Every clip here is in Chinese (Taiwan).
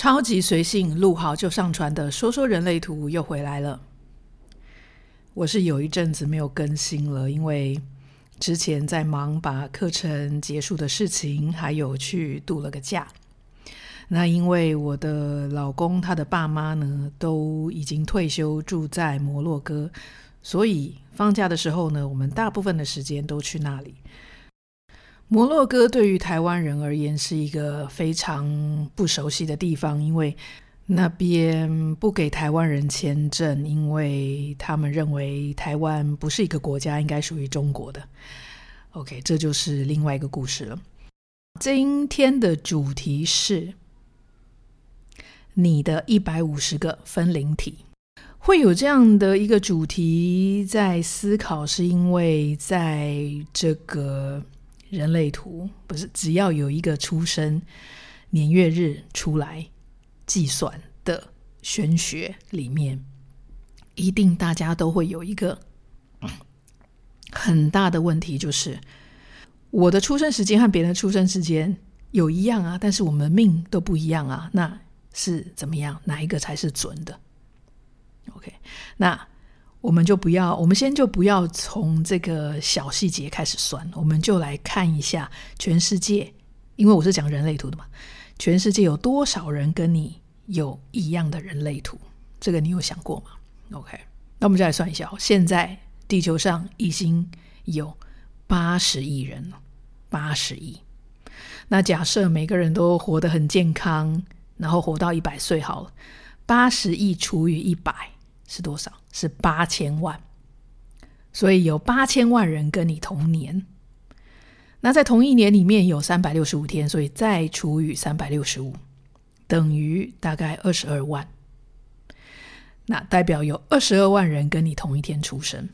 超級隨性，錄好就上傳的《說說人類圖》又回來了。我是有一陣子沒有更新了，因為之前在忙把課程結束的事情，還有去度了個假。那因為我的老公他的爸媽呢都已經退休，住在摩洛哥，所以放假的時候呢，我們大部分的時間都去那裡。摩洛哥對於台灣人而言是一個非常不熟悉的地方，因為那邊不給台灣人簽證，因為他們認為台灣不是一個國家，應該屬於中國的。OK，這就是另外一個故事了。今天的主題是，你的一百五十個分靈體。會有這樣的一個主題在思考，是因為在這個。人類圖不是，只要有一個出生年月日出來計算的玄學裡面，一定大家都會有一個很大的問題，就是我的出生時間和別人的出生時間有一樣啊，但是我們的命都不一樣啊，那是怎麼樣？哪一個才是準的？OK，那。我們就不要，我們先就不要從這個小細節開始算，我們就來看一下全世界，因為我是講人類圖的嘛，全世界有多少人跟你有一樣的人類圖？這個你有想過嗎？OK，那我們就來算一下哦，現在地球上已經有八十億人了，八十億，那假設每個人都活得很健康，然後活到一百歲好了，八十億除以一百。是多少？是八千萬，所以有八千萬人跟你同年。那在同一年裡面有三百六十五天，所以再除以三百六十五，等於大概二十二萬。那代表有二十二萬人跟你同一天出生。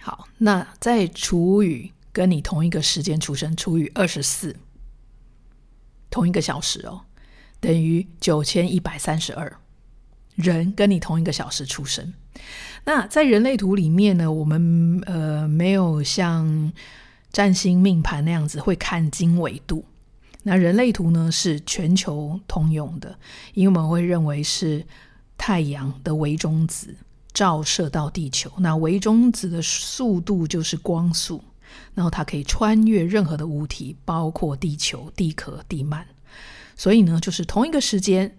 好，那再除以跟你同一個時間出生，除以二十四，同一個小時哦，等於九千一百三十二。人跟你同一個小時出生，那在人類圖裡面呢，我們呃沒有像占星命盤那樣子會看經緯度。那人類圖呢是全球通用的，因為我們會認為是太陽的微中子照射到地球，那微中子的速度就是光速，然後它可以穿越任何的物體，包括地球、地殼、地幔，所以呢就是同一個時間，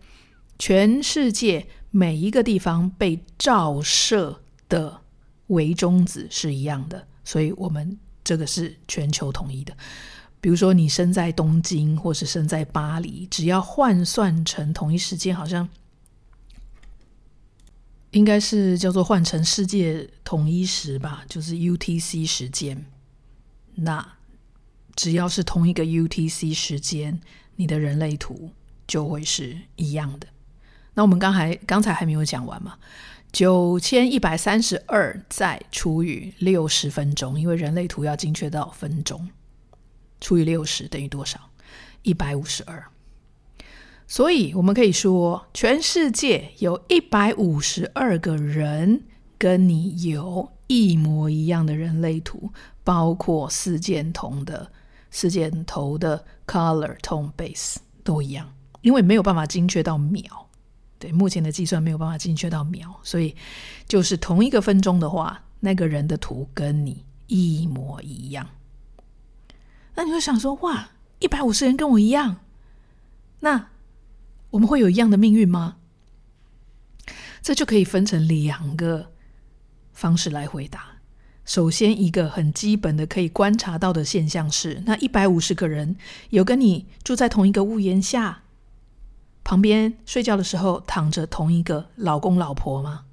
全世界。每一個地方被照射的微中子是一樣的，所以我們這個是全球統一的。比如說，你生在東京或是生在巴黎，只要換算成同一時間，好像應該是叫做換成世界統一時吧，就是 UTC 時間。那只要是同一個 UTC 時間，你的人類圖就會是一樣的。那我們剛才剛才還沒有講完嘛？九千一百三十二再除以六十分鐘，因為人類圖要精確到分鐘，除以六十等於多少？一百五十二。所以我們可以說，全世界有一百五十二個人跟你有一模一樣的人類圖，包括四件同的、四件頭的、color tone base 都一樣，因為沒有辦法精確到秒。對，目前的計算沒有辦法精確到秒，所以就是同一個分鐘的話，那個人的圖跟你一模一樣。那你會想說，哇，一百五十人跟我一樣，那我們會有一樣的命運嗎？這就可以分成兩個方式來回答。首先，一個很基本的可以觀察到的現象是，那一百五十個人有跟你住在同一個屋檐下？旁邊睡覺的時候躺着同一個老公老婆嗎？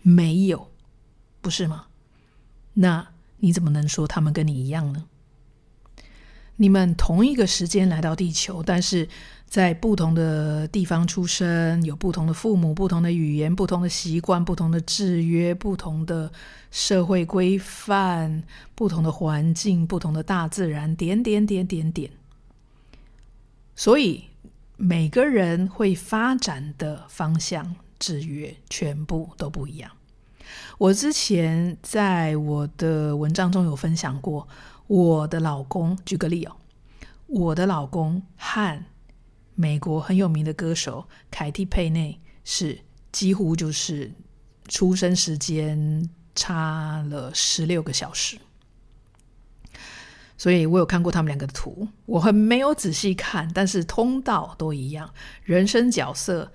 沒有，不是嗎？那你怎麼能說他們跟你一樣呢？你們同一個時間來到地球，但是在不同的地方出生，有不同的父母，不同的語言，不同的習慣，不同的制約，不同的社會規範，不同的環境，不同的大自然，點點點點點點。所以。每個人會發展的方向、制約全部都不一樣。我之前在我的文章中有分享過，我的老公舉個例哦，iel, 我的老公和美國很有名的歌手凱蒂佩內是幾乎就是出生時間差了十六個小時。所以我有看過他們兩個的圖，我很沒有仔細看，但是通道都一樣。人生角色，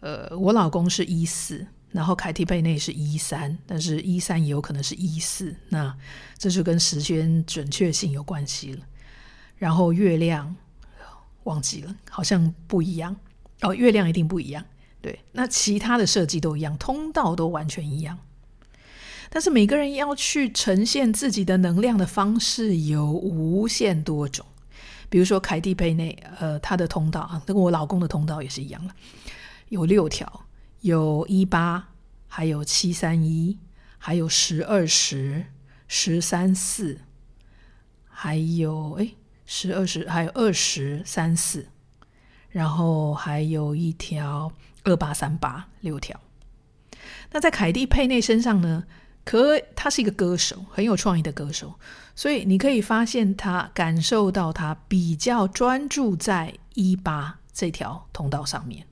呃，我老公是一四，然後凱蒂·貝內是一三，但是一三也有可能是一四，那這就跟時間準確性有關係了。然後月亮忘記了，好像不一樣哦，月亮一定不一樣。對，那其他的設計都一樣，通道都完全一樣。但是每個人要去呈現自己的能量的方式有無限多種，比如說凱蒂佩內，呃，她的通道啊，跟我老公的通道也是一樣了，有六條，有一八，還有七三一，還有十二十，十三四，還有哎，十二十還有二十三四，然後還有一條二八三八，六條。那在凱蒂佩內身上呢？可他是一個歌手，很有創意的歌手，所以你可以發現他感受到他比較專注在一八這條通道上面。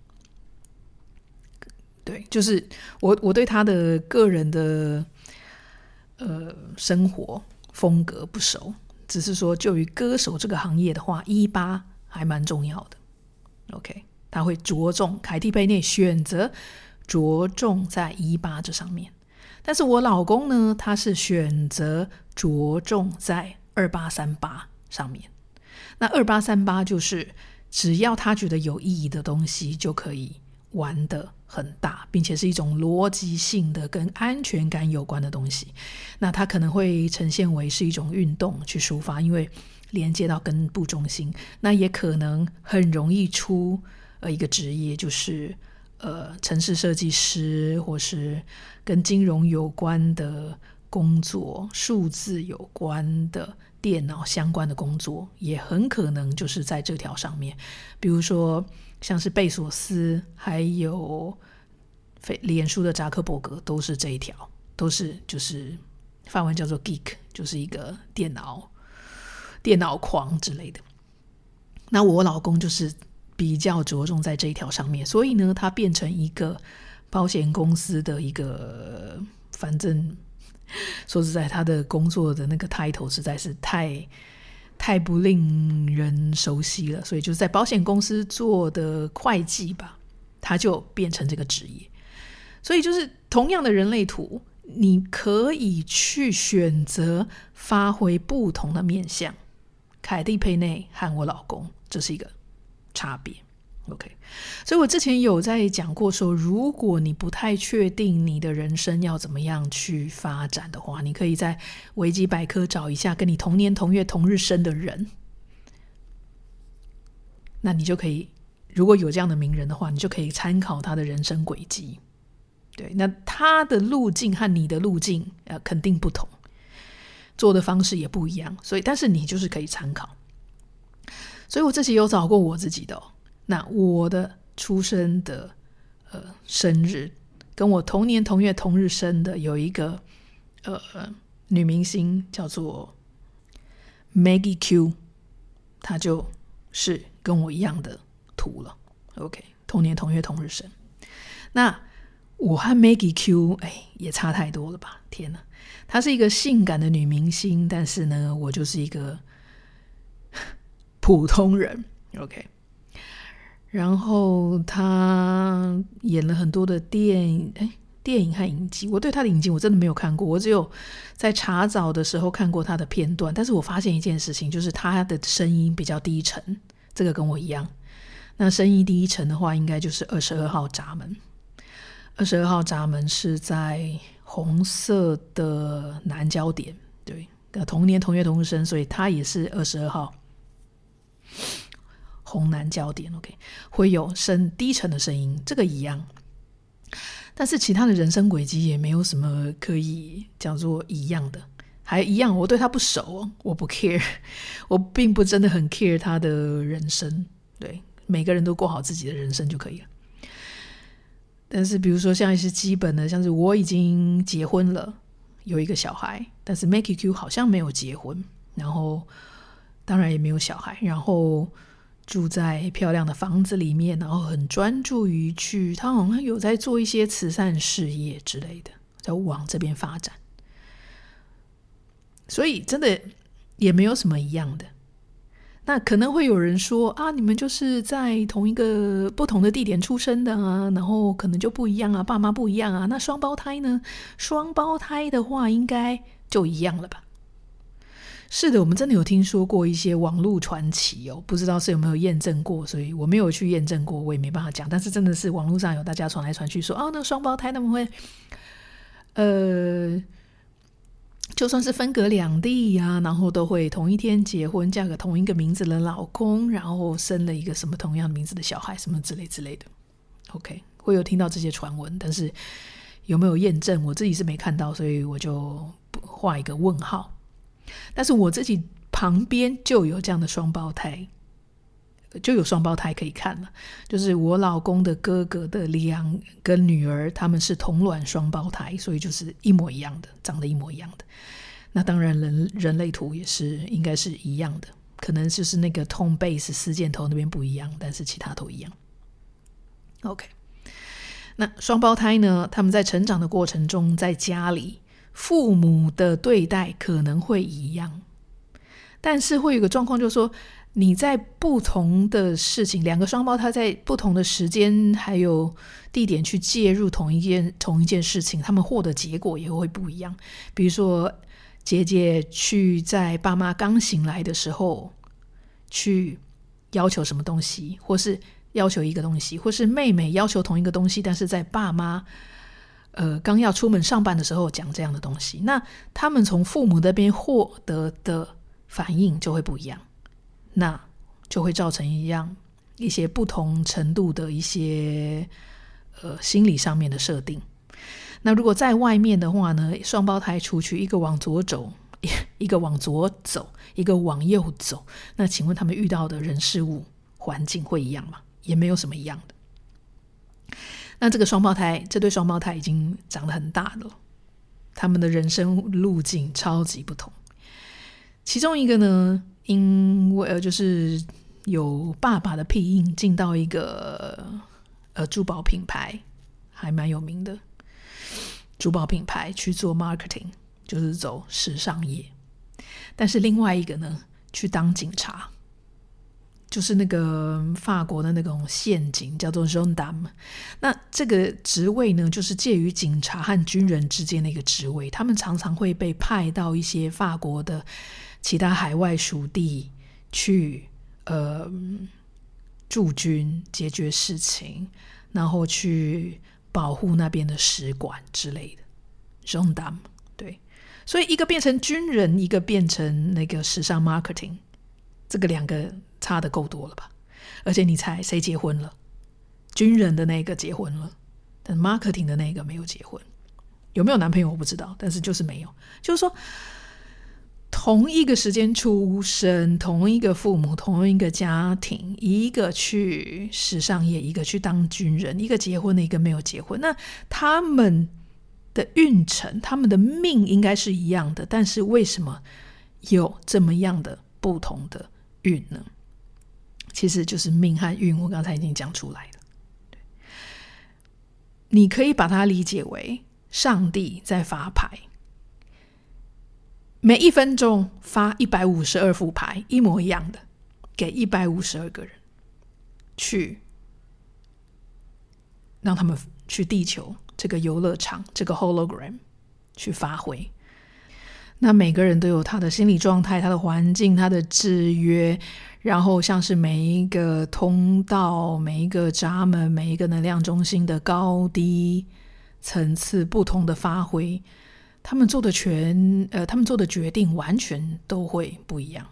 對，就是我我對他的個人的呃生活風格不熟，只是說就於歌手這個行業的話，一八還蠻重要的。OK，他會着重凱蒂貝內選擇着重在一八這上面。但是我老公呢，他是選擇着重在二八三八上面。那二八三八就是，只要他覺得有意義的東西就可以玩得很大，並且是一種邏輯性的跟安全感有關的東西。那他可能會呈現為是一種運動去抒發，因為連接到根部中心，那也可能很容易出呃一個職業就是。呃，程式設計師，或是跟金融有關的工作、數字有關的電腦相關的工作，也很可能就是在這條上面。比如說，像是貝索斯，還有非臉書的扎克伯格，都是這一條，都是就是反正叫做 geek，就是一個電腦、電腦狂之類的。那我老公就是，比較着重在這一條上面，所以呢，他變成一個保險公司的一個，反正說實在，他的工作的那個 title 實在是太太不令人熟悉了，所以就是在保險公司做的會計吧，他就變成這個職業。所以就是同樣的人類圖，你可以去選擇發揮不同的面向。凱蒂佩內和我老公，這是一個。差別，OK，所以我之前有在講過說，如果你不太確定你的人生要怎麼樣去發展的話，你可以在維基百科找一下跟你同年同月同日生的人，那你就可以，如果有這樣的名人的話，你就可以參考他的人生軌跡。對，那他的路徑和你的路徑呃肯定不同，做的方式也不一樣，所以但是你就是可以參考。所以，我這期有找過我自己的、哦。那我的出生的呃生日，跟我同年同月同日生的有一個呃、呃女明星叫做 Maggie Q，她就是跟我一樣的圖了。OK，同年同月同日生。那我和 Maggie Q 哎、欸、也差太多了吧？天吶，她是一個性感的女明星，但是呢，我就是一個。普通人，OK。然後他演了很多的電影，哎，電影和影集，我對他的影集我真的沒有看過，我只有在查找的時候看過他的片段。但是我發現一件事情，就是他的聲音比較低沉，這個跟我一樣。那聲音低沉的話，應該就是二十二號閘門。二十二號閘門是在紅色的南交點，對，同年同月同日生，所以他也是二十二號。紅男焦點，OK，會有聲低沉的聲音，這個一樣。但是其他的人生軌跡也沒有什麼可以叫做一樣的，還一樣。我對他不熟，我不 care，我並不真的很 care 他的人生。對，每個人都過好自己的人生就可以了。但是比如說，像一些基本的，像是我已經結婚了，有一個小孩，但是 Makey Q 好像沒有結婚，然後。當然也沒有小孩，然後住在漂亮的房子裡面，然後很專注於去，他好像有在做一些慈善事業之類的，在往這邊發展。所以真的也沒有什麼一樣的。那可能會有人說啊，你們就是在同一個不同的地點出生的啊，然後可能就不一樣啊，爸媽不一樣啊。那雙胞胎呢？雙胞胎的話，應該就一樣了吧？是的，我們真的有聽說過一些網絡傳奇哦，不知道是有沒有驗證過，所以我沒有去驗證過，我也沒辦法講。但是真的是網絡上有大家傳來傳去說，哦，那雙胞胎他們會，呃，就算是分隔兩地呀、啊，然後都會同一天結婚，嫁給同一個名字的老公，然後生了一個什麼同樣的名字的小孩，什麼之類之類的。OK，我有聽到這些傳聞，但是有沒有驗證，我自己是沒看到，所以我就畫一個問號。但是我自己旁邊就有這樣的雙胞胎，就有雙胞胎可以看了。就是我老公的哥哥的兩個女兒，他們是同卵雙胞胎，所以就是一模一樣的，長得一模一樣的。那當然人人類圖也是應該是一樣的，可能就是那個 tone base 四箭頭那邊不一樣，但是其他都一樣。OK，那雙胞胎呢？他們在成長的過程中，在家裡。父母的對待可能會一樣，但是會有一個狀況，就是說你在不同的事情，兩個雙胞胎在不同的時間還有地點去介入同一件同一件事情，他們獲得結果也會不一樣。比如說，姐姐去在爸媽剛醒來的時候去要求什麼東西，或是要求一個東西，或是妹妹要求同一個東西，但是在爸媽。呃，剛要出門上班的時候講這樣的東西，那他們從父母那邊獲得的反應就會不一樣，那就會造成一樣一些不同程度的一些呃心理上面的設定。那如果在外面的話呢，雙胞胎出去，一個往左走，一個往左走，一個往右走，那請問他們遇到的人事物環境會一樣嗎？也沒有什麼一樣的。那這個雙胞胎，這對雙胞胎已經長得很大了，他們的人生路徑超級不同。其中一個呢，因為呃，就是有爸爸的庇蔭，進到一個呃珠寶品牌，還蠻有名的珠寶品牌去做 marketing，就是走時尚業。但是另外一個呢，去當警察。就是那個法國的那種陷阱，叫做 gendarme。那這個職位呢，就是介於警察和軍人之間的一個職位。他們常常會被派到一些法國的其他海外屬地去，呃，駐軍解決事情，然後去保護那邊的使館之類的。Gendarme，對。所以一個變成軍人，一個變成那個時尚 marketing，這個兩個。差的夠多了吧？而且你猜誰結婚了？軍人的那個結婚了，但 marketing 的那個沒有結婚。有沒有男朋友我不知道，但是就是沒有。就是說，同一個時間出生，同一個父母，同一個家庭，一個去時尚業，一個去當軍人，一個結婚的，一個沒有結婚。那他們的運程，他們的命應該是一樣的，但是為什麼有這麼樣的不同的運呢？其實就是命和運，我剛才已經講出來了。你可以把它理解為上帝在發牌，每一分鐘發一百五十二副牌，一模一樣的，給一百五十二個人去，讓他們去地球這個遊樂場、這個 Hologram 去發揮。那每個人都有他的心理狀態、他的環境、他的制約，然後像是每一個通道、每一個閘門、每一個能量中心的高低層次不同的發揮，他們做的全呃，他們做的決定完全都會不一樣。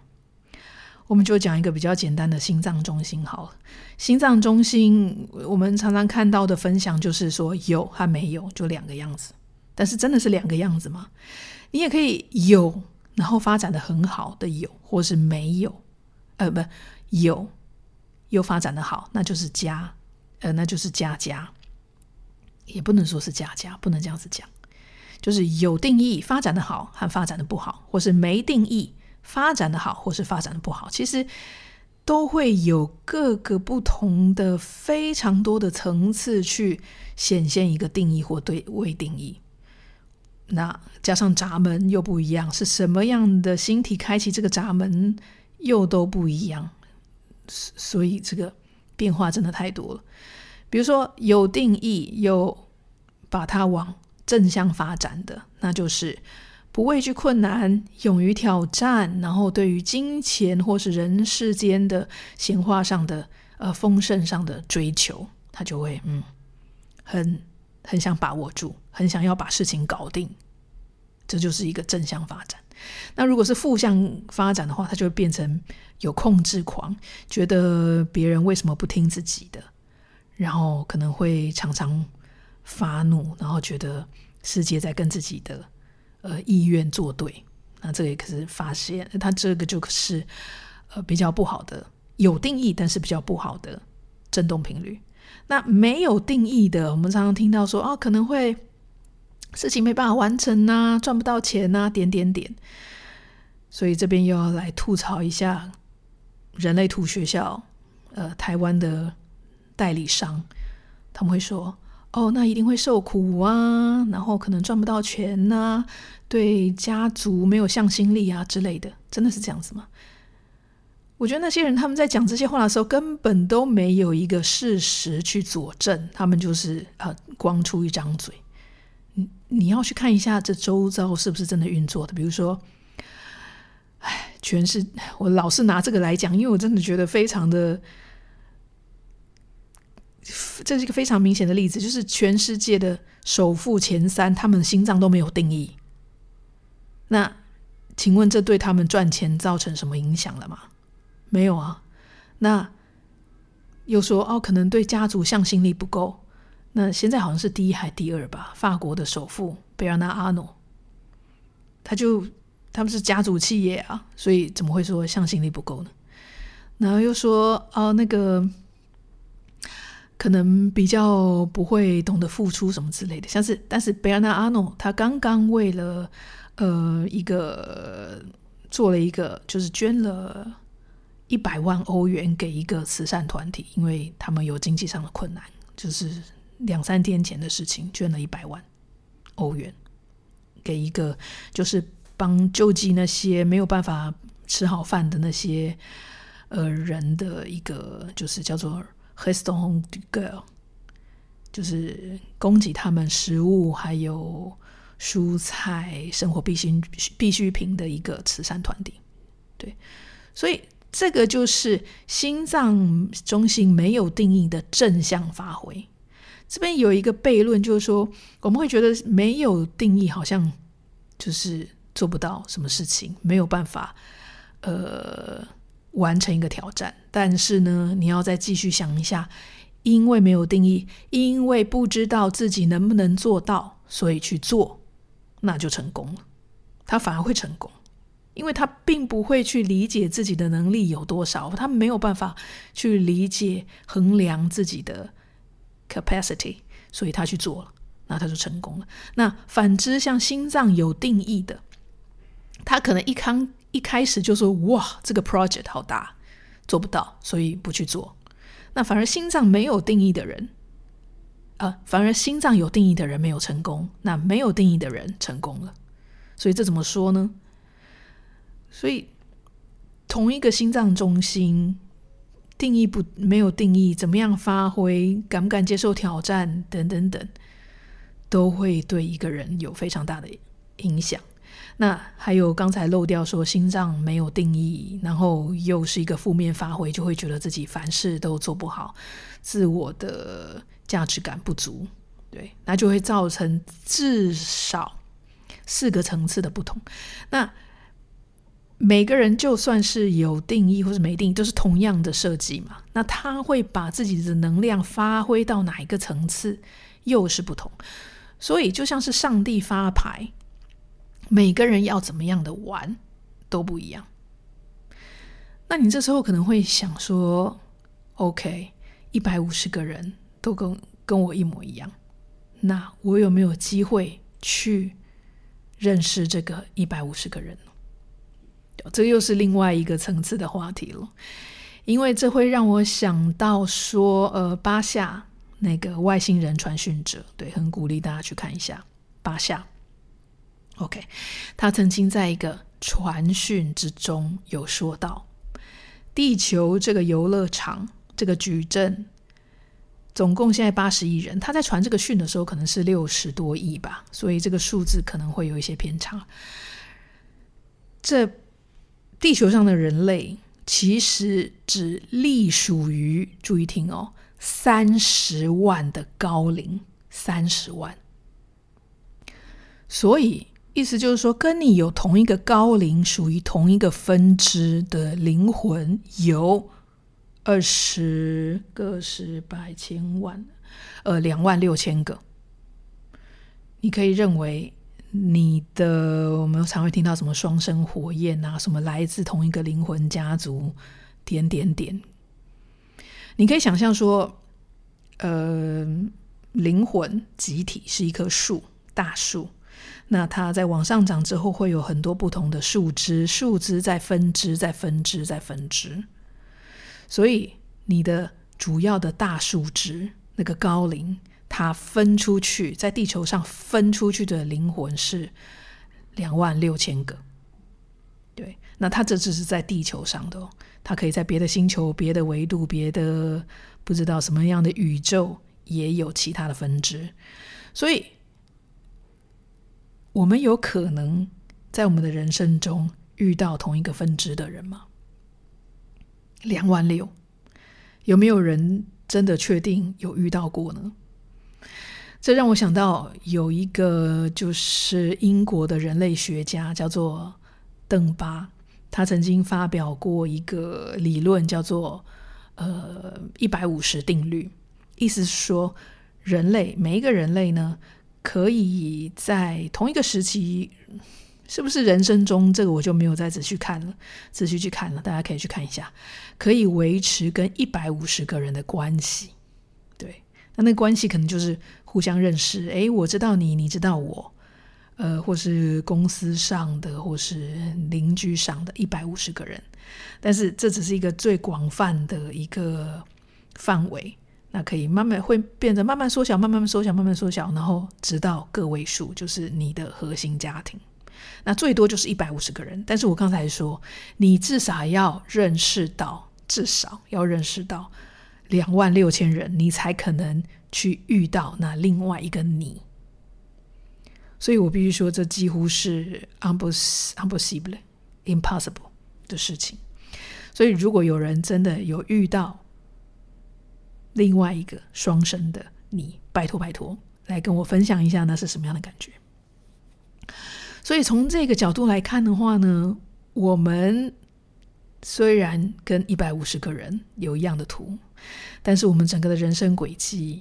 我們就講一個比較簡單的心臟中心好了。心臟中心，我們常常看到的分享就是說有和沒有，就兩個樣子，但是真的是兩個樣子嗎？你也可以有，然後發展的很好的有，或是沒有，呃，不，有，又發展的好，那就是加，呃，那就是加加，也不能說是加加，不能這樣子講，就是有定義發展的好和發展的不好，或是沒定義發展的好或是發展的不好，其實都會有各個不同的非常多的層次去顯現一個定義或對未定義。那加上閘門又不一樣，是什麼樣的星體開啟這個閘門又都不一樣，所所以這個變化真的太多了。比如說有定義，有把它往正向發展的，那就是不畏懼困難，勇於挑戰，然後對於金錢或是人世間的閒話上的呃豐盛上的追求，它就會嗯很。很想把握住，很想要把事情搞定，這就是一個正向發展。那如果是負向發展的話，它就會變成有控制狂，覺得別人為什麼不聽自己的，然後可能會常常發怒，然後覺得世界在跟自己的呃意願作對。那這個也可是發現，他這個就是呃比較不好的，有定義，但是比較不好的震動頻率。那沒有定義的，我們常常聽到說啊、哦，可能會事情沒辦法完成吶、啊，賺不到錢吶、啊，點點點。所以這邊又要來吐槽一下人類圖學校，呃，台灣的代理商，他們會說哦，那一定會受苦啊，然後可能賺不到錢吶、啊，對家族沒有向心力啊之類的，真的是這樣子嗎？我覺得那些人他們在講這些話的時候，根本都沒有一個事實去佐證，他們就是啊、呃，光出一張嘴。你你要去看一下這周遭是不是真的運作的。比如說，哎，全世界，我老是拿這個來講，因為我真的覺得非常的，這是一個非常明顯的例子，就是全世界的首富前三，他們心臟都沒有定義。那請問這對他們賺錢造成什麼影響了嗎？沒有啊，那又說哦，可能對家族向心力不夠。那現在好像是第一還第二吧？法國的首富貝爾納阿諾，他就他們是家族企業啊，所以怎麼會說向心力不夠呢？然後又說哦，那個可能比較不會懂得付出什麼之類的，像是但是貝爾納阿諾他剛剛為了呃一個做了一個就是捐了，一百萬歐元給一個慈善團體，因為他們有經濟上的困難，就是兩三天前的事情，捐了一百萬歐元給一個，就是幫救濟那些沒有辦法吃好飯的那些呃人的一個，就是叫做 Heston Girl，就是供給他們食物還有蔬菜、生活必需必需品的一個慈善團體。對，所以。這個就是心臟中心沒有定義的正向發揮。這邊有一個悖論，就是說我們會覺得沒有定義好像就是做不到什麼事情，沒有辦法呃完成一個挑戰。但是呢，你要再繼續想一下，因為沒有定義，因為不知道自己能不能做到，所以去做，那就成功了。他反而會成功。因為他並不會去理解自己的能力有多少，他沒有辦法去理解衡量自己的 capacity，所以他去做了，那他就成功了。那反之，像心臟有定義的，他可能一開一開始就說，哇，這個 project 好大，做不到，所以不去做。那反而心臟沒有定義的人啊，反而心臟有定義的人沒有成功，那沒有定義的人成功了。所以這怎麼說呢？所以，同一個心臟中心定義不沒有定義，怎麼樣發揮，敢不敢接受挑戰等等等，都會對一個人有非常大的影響。那還有剛才漏掉說，心臟沒有定義，然後又是一個負面發揮，就會覺得自己凡事都做不好，自我的價值感不足，對，那就會造成至少四個層次的不同。那。每個人就算是有定義或是沒定義，都、就是同樣的設計嘛，那他會把自己的能量發揮到哪一個層次，又是不同。所以就像是上帝發牌，每個人要怎麼樣的玩都不一樣。那你這時候可能會想說：“OK，一百五十個人都跟跟我一模一樣，那我有沒有機會去認識這個一百五十個人呢？”這又是另外一個層次的話題了，因為這會讓我想到說，呃，巴夏那個外星人傳訊者，對，很鼓勵大家去看一下巴夏。OK，他曾經在一個傳訊之中有說到，地球這個遊樂場，這個矩陣，總共現在八十億人，他在傳這個訊的時候可能是六十多億吧，所以這個數字可能會有一些偏差。這。地球上的人類其實只隸屬於，注意聽哦，三十萬的高齡，三十萬。所以意思就是說，跟你有同一個高齡、屬於同一個分支的靈魂，有二十個、十百、千萬，呃，兩萬六千個，你可以認為。你的，我們常會聽到什麼雙生火焰吶、啊，什麼來自同一個靈魂家族，點點點。你可以想象說，呃，靈魂集體是一棵樹，大樹，那它在往上長之後，會有很多不同的樹枝，樹枝在分枝，在分枝，在分，分枝。所以，你的主要的大樹枝，那個高靈。他分出去，在地球上分出去的靈魂是兩萬六千個，對。那他這只是在地球上的哦，他可以在別的星球、別的維度、別的不知道什麼樣的宇宙也有其他的分支。所以，我們有可能在我們的人生中遇到同一個分支的人嗎？兩萬六，有沒有人真的確定有遇到過呢？這讓我想到有一個，就是英國的人類學家叫做鄧巴，他曾經發表過一個理論，叫做，呃，一百五十定律，意思是說，人類，每一個人類呢，可以在同一個時期，是不是人生中，這個我就沒有再仔細看了，仔細去看了，大家可以去看一下，可以維持跟一百五十個人的關係。那那關係可能就是互相認識，誒，我知道你，你知道我，呃，或是公司上的，或是鄰居上的，一百五十個人，但是這只是一個最廣泛的一個範圍，那可以慢慢會變得慢慢縮小，慢慢縮小，慢慢縮小，然後直到個位數，就是你的核心家庭，那最多就是一百五十個人，但是我剛才說，你至少要認識到，至少要認識到兩萬六千人，你才可能去遇到那另外一個你，所以我必須說，這幾乎是 impossible, impossible 的事情。所以，如果有人真的有遇到另外一個雙生的你，拜托拜托，來跟我分享一下，那是什麼樣的感覺？所以，從這個角度來看的話呢，我們雖然跟一百五十個人有一樣的圖。但是我們整個的人生軌跡，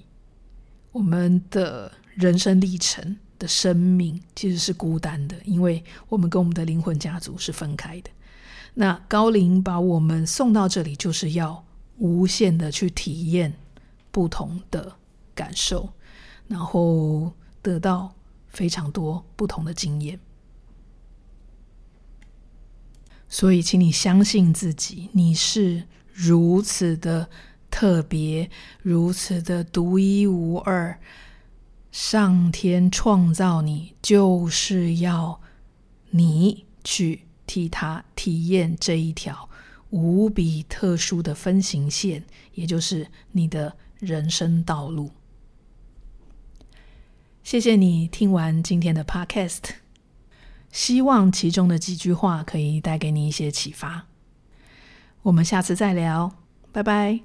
我們的人生歷程的生命其實是孤單的，因為我們跟我們的靈魂家族是分開的。那高靈把我們送到這裡，就是要無限的去體驗不同的感受，然後得到非常多不同的經驗。所以，請你相信自己，你是如此的。特別如此的獨一無二，上天創造你就是要你去替他體驗這一條無比特殊的分形線，也就是你的人生道路。謝謝你聽完今天的 Podcast，希望其中的幾句話可以帶給你一些啟發。我們下次再聊，拜拜。